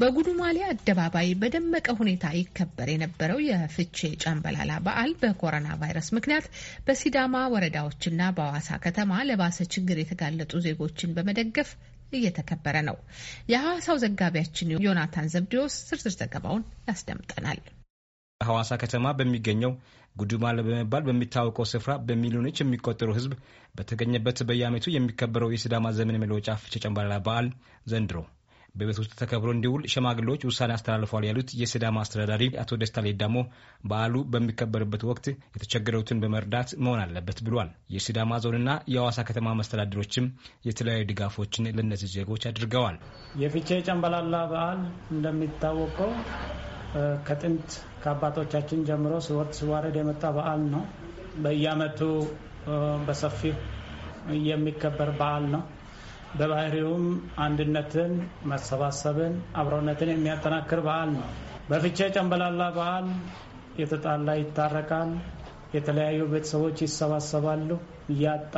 በጉዱማሌ አደባባይ በደመቀ ሁኔታ ይከበር የነበረው የፍቼ ጫምበላላ በዓል በኮሮና ቫይረስ ምክንያት በሲዳማ ወረዳዎችና በአዋሳ ከተማ ለባሰ ችግር የተጋለጡ ዜጎችን በመደገፍ እየተከበረ ነው። የሐዋሳው ዘጋቢያችን ዮናታን ዘብዲዎስ ዝርዝር ዘገባውን ያስደምጠናል። በሐዋሳ ከተማ በሚገኘው ጉዱማሌ በመባል በሚታወቀው ስፍራ በሚሊዮኖች የሚቆጠሩ ሕዝብ በተገኘበት በየዓመቱ የሚከበረው የሲዳማ ዘመን መለወጫ ፍቼ ጫምበላላ በዓል ዘንድሮ በቤት ውስጥ ተከብሮ እንዲውል ሸማግሌዎች ውሳኔ አስተላልፈዋል ያሉት የሲዳማ አስተዳዳሪ አቶ ደስታ ሌዳሞ በዓሉ በሚከበርበት ወቅት የተቸገረውትን በመርዳት መሆን አለበት ብሏል። የሲዳማ ዞንና የሐዋሳ ከተማ መስተዳድሮችም የተለያዩ ድጋፎችን ለእነዚህ ዜጎች አድርገዋል። የፍቼ ጨንበላላ በዓል እንደሚታወቀው ከጥንት ከአባቶቻችን ጀምሮ ሲወርድ ሲዋረድ የመጣ በዓል ነው። በየአመቱ በሰፊው የሚከበር በዓል ነው። በባህሪውም አንድነትን፣ መሰባሰብን፣ አብሮነትን የሚያጠናክር በዓል ነው። በፍቼ ጨንበላላ በዓል የተጣላ ይታረቃል፣ የተለያዩ ቤተሰቦች ይሰባሰባሉ። እያጣ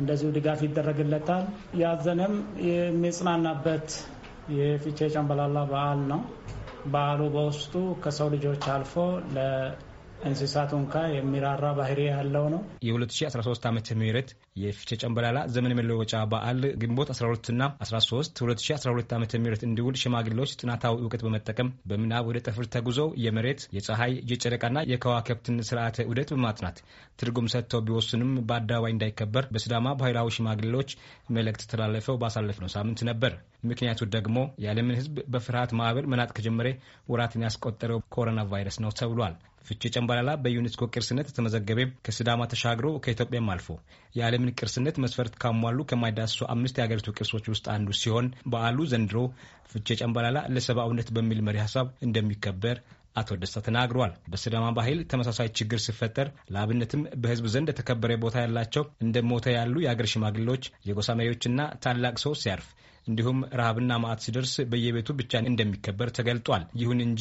እንደዚሁ ድጋፍ ይደረግለታል። ያዘነም የሚጽናናበት የፍቼ ጨንበላላ በዓል ነው። በዓሉ በውስጡ ከሰው ልጆች አልፎ እንስሳቱን ካ የሚራራ ባህሪ ያለው ነው። የ2013 ዓ ም የፊቼ ጨምበላላ ዘመን መለወጫ በዓል ግንቦት 12ና 13 2012 ዓ ም እንዲውል ሽማግሌዎች ጥናታዊ እውቀት በመጠቀም በምናብ ወደ ጠፍር ተጉዘው የመሬት የፀሐይ የጨረቃና የከዋከብትን ስርዓተ ውደት በማጥናት ትርጉም ሰጥተው ቢወስንም በአደባባይ እንዳይከበር በስዳማ ባህላዊ ሽማግሌዎች መልእክት ተላለፈው ባሳለፍነው ሳምንት ነበር። ምክንያቱ ደግሞ የዓለምን ህዝብ በፍርሃት ማዕበል መናጥ ከጀመረ ወራትን ያስቆጠረው ኮሮና ቫይረስ ነው ተብሏል። ፍቼ ጨምባላላ በዩኔስኮ ቅርስነት የተመዘገበ ከስዳማ ተሻግሮ ከኢትዮጵያም አልፎ የዓለምን ቅርስነት መስፈርት ካሟሉ ከማይዳሰሱ አምስት የሀገሪቱ ቅርሶች ውስጥ አንዱ ሲሆን በዓሉ ዘንድሮ ፍቼ ጨምባላላ ለሰብአዊነት በሚል መሪ ሀሳብ እንደሚከበር አቶ ደስታ ተናግረዋል። በስዳማ ባህል ተመሳሳይ ችግር ሲፈጠር ለአብነትም በህዝብ ዘንድ የተከበረ ቦታ ያላቸው እንደ ሞተ ያሉ የአገር ሽማግሌዎች፣ የጎሳ መሪዎችና ታላቅ ሰው ሲያርፍ እንዲሁም ረሃብና ማዕት ሲደርስ በየቤቱ ብቻ እንደሚከበር ተገልጧል። ይሁን እንጂ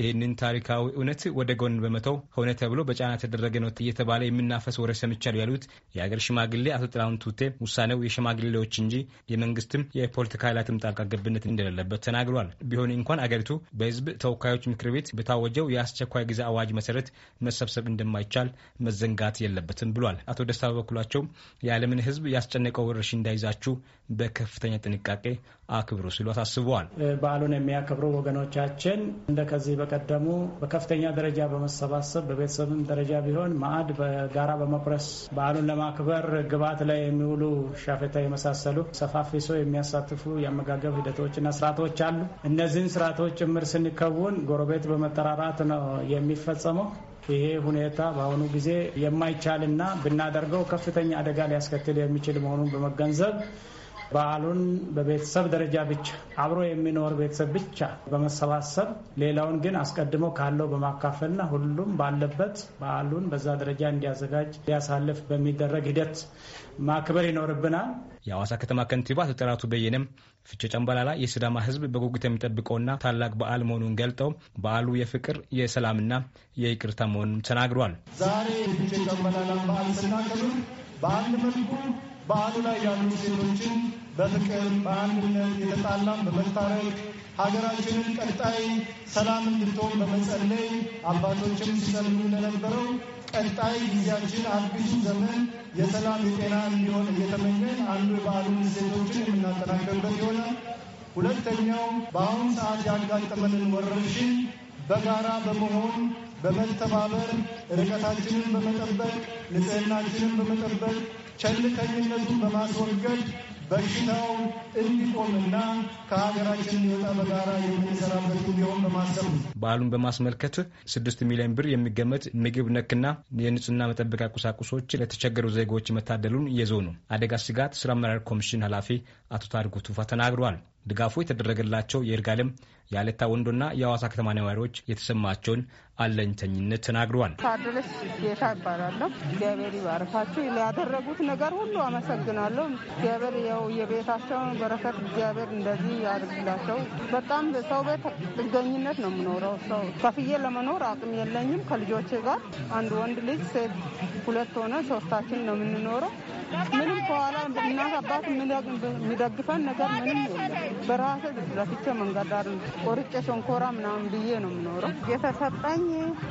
ይህንን ታሪካዊ እውነት ወደ ጎን በመተው ሆነ ተብሎ በጫና ተደረገ ነው እየተባለ የምናፈስ ወሬ ሰምቻለሁ ያሉት የሀገር ሽማግሌ አቶ ጥላሁን ቱቴ ውሳኔው የሽማግሌዎች እንጂ የመንግስትም የፖለቲካ ኃይላትም ጣልቃ ገብነት እንደሌለበት ተናግሯል። ቢሆን እንኳን አገሪቱ በህዝብ ተወካዮች ምክር ቤት በታወጀው የአስቸኳይ ጊዜ አዋጅ መሰረት መሰብሰብ እንደማይቻል መዘንጋት የለበትም ብሏል። አቶ ደስታ በበኩላቸው የዓለምን ህዝብ ያስጨነቀው ወረርሽኝ እንዳይዛችሁ በከፍተኛ ጥንቃቄ አክብሩ ሲሉ አሳስበዋል። በዓሉን የሚያከብሩ ወገኖቻችን እንደ ከዚህ በቀደሙ በከፍተኛ ደረጃ በመሰባሰብ በቤተሰብም ደረጃ ቢሆን ማዕድ በጋራ በመቁረስ በዓሉን ለማክበር ግብዓት ላይ የሚውሉ ሻፌታ የመሳሰሉ ሰፋፊ ሰው የሚያሳትፉ የአመጋገብ ሂደቶችና ስርዓቶች አሉ። እነዚህን ስርዓቶች ጭምር ስንከውን ጎረቤት በመጠራራት ነው የሚፈጸመው። ይሄ ሁኔታ በአሁኑ ጊዜ የማይቻልና ብናደርገው ከፍተኛ አደጋ ሊያስከትል የሚችል መሆኑን በመገንዘብ በዓሉን በቤተሰብ ደረጃ ብቻ አብሮ የሚኖር ቤተሰብ ብቻ በመሰባሰብ ሌላውን ግን አስቀድሞ ካለው በማካፈልና ሁሉም ባለበት በዓሉን በዛ ደረጃ እንዲያዘጋጅ ሊያሳልፍ በሚደረግ ሂደት ማክበር ይኖርብናል። የአዋሳ ከተማ ከንቲባ ተጠራቱ ጥራቱ በየነም ፍቼ ጨምበላላ የስዳማ ሕዝብ በጉጉት የሚጠብቀውና ታላቅ በዓል መሆኑን ገልጠው በዓሉ የፍቅር የሰላምና የይቅርታ መሆኑን ተናግሯል። ዛሬ ፍቼ ጨምበላላ በዓል ስናከብር በአንድ መልኩ በዓሉ ላይ ያሉ ሴቶችን በፍቅር በአንድነት የተጣላም በመታረቅ ሀገራችንን ቀጣይ ሰላም እንድትሆን በመጸለይ አባቶችም ሲሰልሙ ለነበረው ቀጣይ ጊዜያችን አዲሱ ዘመን የሰላም የጤና እንዲሆን እየተመኘን አንዱ የበዓሉን ሴቶችን የምናጠናከርበት ይሆናል። ሁለተኛው በአሁኑ ሰዓት ያጋጠመንን ወረርሽኝ በጋራ በመሆን በመተባበር ርቀታችንን በመጠበቅ ንጽህናችንን በመጠበቅ ቸልተኝነቱን በማስወገድ በሽታው እንዲቆምና ከሀገራችን እንዲወጣ በጋራ የምንሰራበት ጊዜውን በማሰብ በዓሉን በማስመልከት ስድስት ሚሊዮን ብር የሚገመት ምግብ ነክና የንጽህና መጠበቂያ ቁሳቁሶች ለተቸገሩ ዜጎች መታደሉን የዞኑ አደጋ ስጋት ስራ አመራር ኮሚሽን ኃላፊ አቶ ታሪኩ ቱፋ ተናግረዋል። ድጋፉ የተደረገላቸው የይርጋለም የአለታ ወንዶና የአዋሳ ከተማ ነዋሪዎች የተሰማቸውን አለኝተኝነት ተናግረዋል። ታድለስ ጌታ እባላለሁ። እግዚአብሔር ይባርካችሁ። ያደረጉት ነገር ሁሉ አመሰግናለሁ። እግዚአብሔር ያው የቤታቸውን በረከት እግዚአብሔር እንደዚህ ያድርግላቸው። በጣም ሰው ቤት ጥገኝነት ነው የምኖረው። ሰው ከፍዬ ለመኖር አቅም የለኝም። ከልጆቼ ጋር አንድ ወንድ ልጅ ሴት ሁለት ሆነ ሶስታችን ነው የምንኖረው ምንም ከኋላ እናት አባት የሚደግፈን ነገር ምንም በራሰ ለፍቼ መንገድ ዳር ቆርጬ ሸንኮራ ምናምን ብዬ ነው የምኖረው። የተሰጠኝ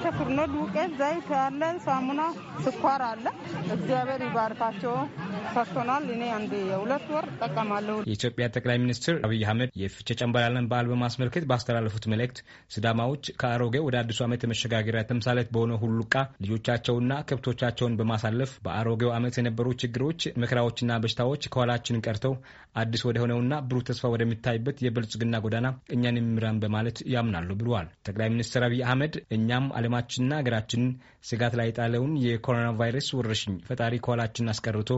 ከፍርኖ ዱቄት፣ ዘይት አለ፣ ሳሙና፣ ስኳር አለ። እግዚአብሔር ይባርካቸው ሰጥቶናል። እኔ አንድ የሁለት ወር ጠቀማለሁ። የኢትዮጵያ ጠቅላይ ሚኒስትር አብይ አህመድ የፍቼ ጨንበላለን በዓል በማስመልከት ባስተላለፉት መልእክት ስዳማዎች ከአሮጌ ወደ አዲሱ ዓመት የመሸጋገሪያ ተምሳሌት በሆነ ሁሉቃ ልጆቻቸውና ከብቶቻቸውን በማሳለፍ በአሮጌው ዓመት የነበሩ ችግሮች ችግሮች፣ መከራዎችና በሽታዎች ከኋላችን ቀርተው አዲስ ሆነውና ብሩህ ተስፋ ወደሚታይበት የብልጽግና ጎዳና እኛን የሚምራን በማለት ያምናሉ ብለዋል። ጠቅላይ ሚኒስትር አብይ አህመድ እኛም ዓለማችንና ሀገራችንን ስጋት ላይ የጣለውን የኮሮና ቫይረስ ወረርሽኝ ፈጣሪ ከኋላችን አስቀርቶ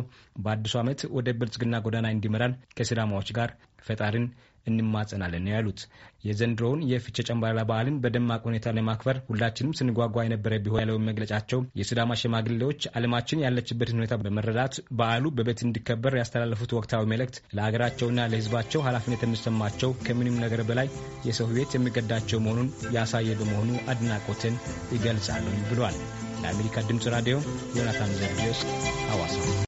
በአዲሱ ዓመት ወደ ብልጽግና ጎዳና እንዲመራን ከሲዳማዎች ጋር ፈጣሪን እንማጸናለን ያሉት የዘንድሮውን የፍቼ ጨምባላላ በዓልን በደማቅ ሁኔታ ለማክበር ሁላችንም ስንጓጓ የነበረ ቢሆን ያለውን መግለጫቸው የሲዳማ ሽማግሌዎች ዓለማችን ያለችበትን ሁኔታ በመረዳት በዓሉ በቤት እንዲከበር ያስተላለፉት ወቅታዊ መልእክት ለሀገራቸውና ለሕዝባቸው ኃላፊነት የሚሰማቸው ከምንም ነገር በላይ የሰው ሕይወት የሚገዳቸው መሆኑን ያሳየ በመሆኑ አድናቆትን ይገልጻሉ ብሏል። ለአሜሪካ ድምፅ ራዲዮ ዮናታን ዘርቢዮስ አዋሳ